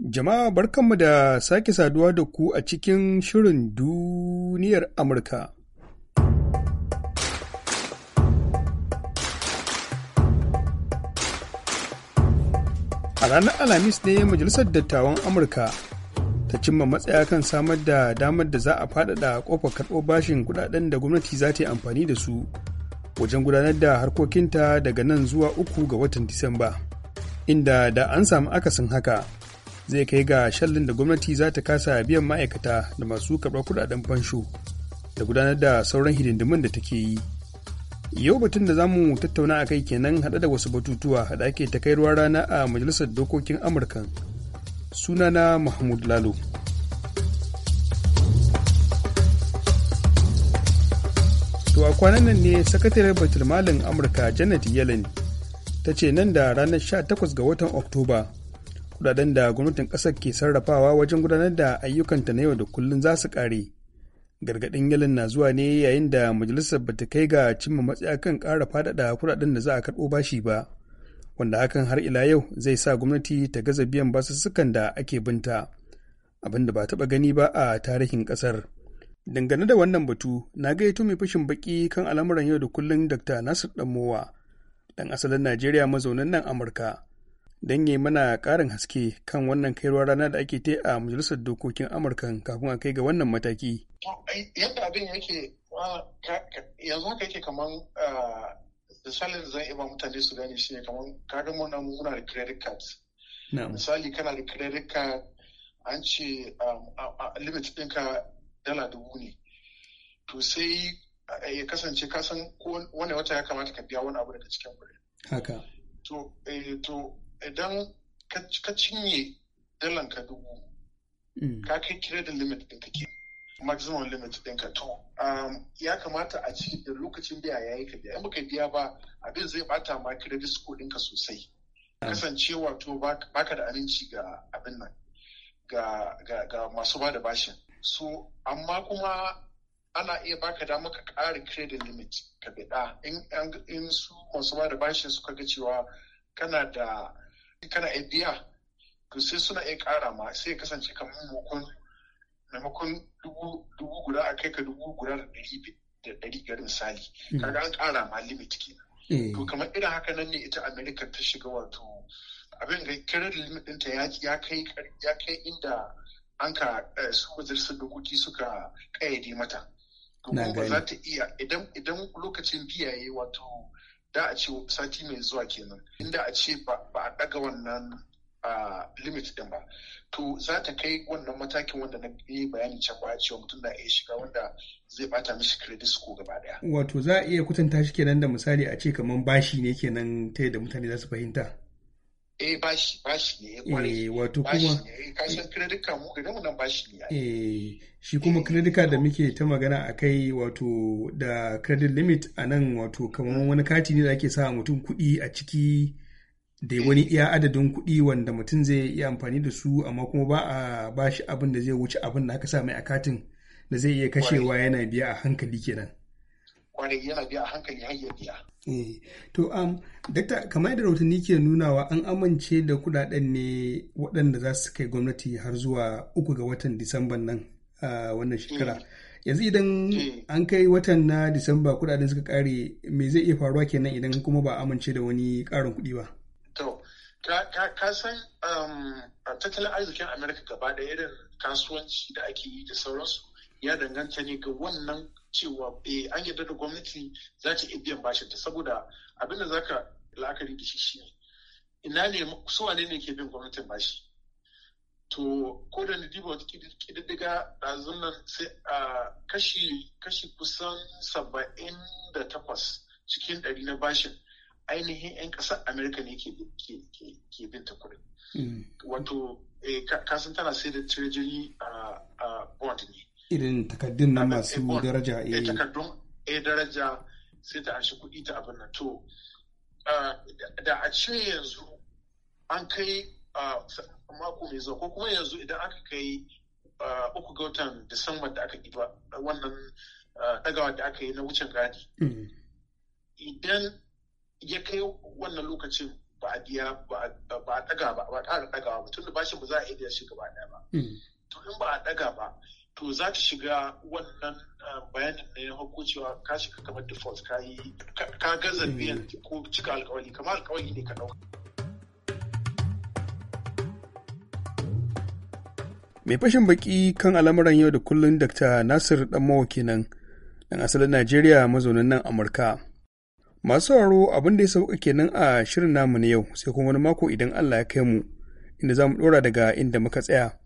Jama'a barkanmu da sake saduwa da ku a cikin shirin duniyar Amurka. A ranar Alhamis ne Majalisar Dattawan Amurka ta cimma matsaya kan samar da damar da za a faɗaɗa ƙofar karbo bashin kuɗaɗen da gwamnati za ta yi amfani da su wajen gudanar da harkokinta daga nan zuwa uku ga watan Disamba, inda da an samu akasin haka. zai kai ga shallin da gwamnati za ta kasa biyan ma'aikata da masu karɓar kudaden fansho da gudanar da sauran hidindimin da take yi yau batun da zamu tattauna a kai kenan haɗe da wasu batutuwa da ake ta kai ruwa rana a majalisar dokokin amurka sunana mahmud lalo to a kwanan nan ne sakataren baitulmalin amurka janet yellen ta ce nan da ranar 18 ga watan oktoba kudaden da gwamnatin ƙasar ke sarrafawa wajen gudanar da ayyukanta na yau da kullum za su kare. gargaɗin yalin na zuwa ne yayin da majalisar bata kai ga cimma matsaya kan ƙara faɗaɗa kudaden da za a karɓo bashi ba wanda hakan har ila yau zai sa gwamnati ta gaza biyan basussukan da ake binta abin da ba taɓa gani ba a tarihin ƙasar dangane da wannan batu na gaito mai fashin baƙi kan al'amuran yau da kullum dr nasir Ɗanmowa, ɗan asalin najeriya mazaunan nan amurka don yi mana ƙarin haske kan wannan kairuwar rana da ake ta a majalisar dokokin amurka kafin a kai ga wannan mataki. yadda abin yake yanzu haka yake kaman misalin da zan iya mutane su gani shi ne kamar kagan wannan muna da credit cards misali kana da credit card an ce limit ɗinka dala dubu ne to sai ya kasance kasan wani wata ya kamata ka biya wani abu daga cikin kuɗi. haka to eh, idan ka cinye dalan ka dubu mm. ka kai kira da limit din ke maximum limit din ka to um, ya kamata a ci da lokacin biya yayi ka biya in baka biya ba abin zai bata ma credit score ka sosai ah. kasancewa to baka da aminci ga abin nan ga masu ba da bashin so amma kuma ana iya baka da maka ƙara credit limit ka bida in su masu bada da bashin suka ga cewa kana da kana iya to sai suna iya ƙara ma sai ya kasance kamar mokon maimakon dubu guda a kai ka dubu guda da ɗari ga misali hmm. kaga an ƙara ma limit ke eh. to kamar irin haka nan ne ita america ta shiga wato abin ga kiran limit ɗinta ya kai ya kai inda an ka eh, su majalisar dokoki suka ƙayyade mata to ba za ta iya idan lokacin biyaye wato da a ce sati mai zuwa kenan inda a ce ba a daga wannan limit din ba to za ta kai wannan matakin wanda na yi bayani can ba cewa mutum na iya shiga wanda zai bata mishi credit ko gaba daya wato za a iya kutanta shi kenan da misali a ce kamar bashi ne kenan ta yadda mutane za su fahimta eh bashi bashi ne ya kware eh wato kuma eh, kasan credit card mu idan nan bashi ne eh shi kuma eh. credit card da muke ta magana a kai wato da credit limit a nan wato kamar wani kati ne da ake sa mutum kuɗi a ciki da wani eh. iya adadin kuɗi wanda mutum zai iya amfani da su amma kuma ba a bashi abin da zai wuce abin da aka sa mai a katin da zai iya kashewa yana biya a hankali kenan kwarai yana biya a hankali har ya biya. Eh, to, um, Dokta, kamar yadda rahotanni ke nunawa an amince da kudaden ne waɗanda za su kai gwamnati har zuwa uku ga watan Disamban nan a wannan shekara. Eh. Yanzu idan eh. an kai watan na Disamba kudaden suka kare me zai iya faruwa kenan idan kuma ba amince da wani karin kuɗi ba? To, ka san um, tattalin arzikin Amerika gaba da irin kasuwanci da ake yi da sauransu ya danganta ne ga wannan cewa eh an yarda da gwamnati za ta iya biyan bashin ta saboda abin da zaka la'akari da shi shine ina ne su wane ne ke bin gwamnatin bashi to ko da ni diba wata kididdiga ɗazun nan sai a kashi kashi kusan saba'in da takwas cikin ɗari na bashin ainihin 'yan ƙasar amerika ne ke bin ta kuɗin mm. wato eh, kasan tana sai da treasury a bond ne irin takardun nan masu daraja eh takardun A daraja sai ta ashe kuɗi ta abin nan to da a ce yanzu an kai mako mai zuwa ko kuma yanzu idan aka kai uku ga watan disamba da aka giba wannan ɗagawa da aka yi na wucin gadi mm. idan ya kai wannan lokacin ba a biya ba a daga ba ba ƙara dagawa ba da bashi ba za a iya biya shi gaba ɗaya ba mm. to in ba a ɗaga ba to za ta shiga wannan eh, bayanin ne ya hako cewa ka shiga kamar default ka yi ka gaza biyan eh. ko cika alkawari kamar alkawari ne ka dauka. mai fashin baki kan al'amuran yau da kullun dr nasir dan kenan dan asalin najeriya mazaunin nan amurka masu sauraro abin da ya sauka kenan a shirin namu na yau sai kuma wani mako idan allah ya kai mu inda za mu daga inda muka tsaya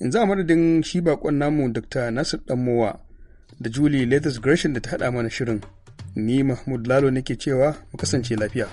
in za a madadin shi bakon namu dr nasir danmowa da julie latest gresham da ta haɗa mana shirin ni mahmud lalo nake cewa mu kasance lafiya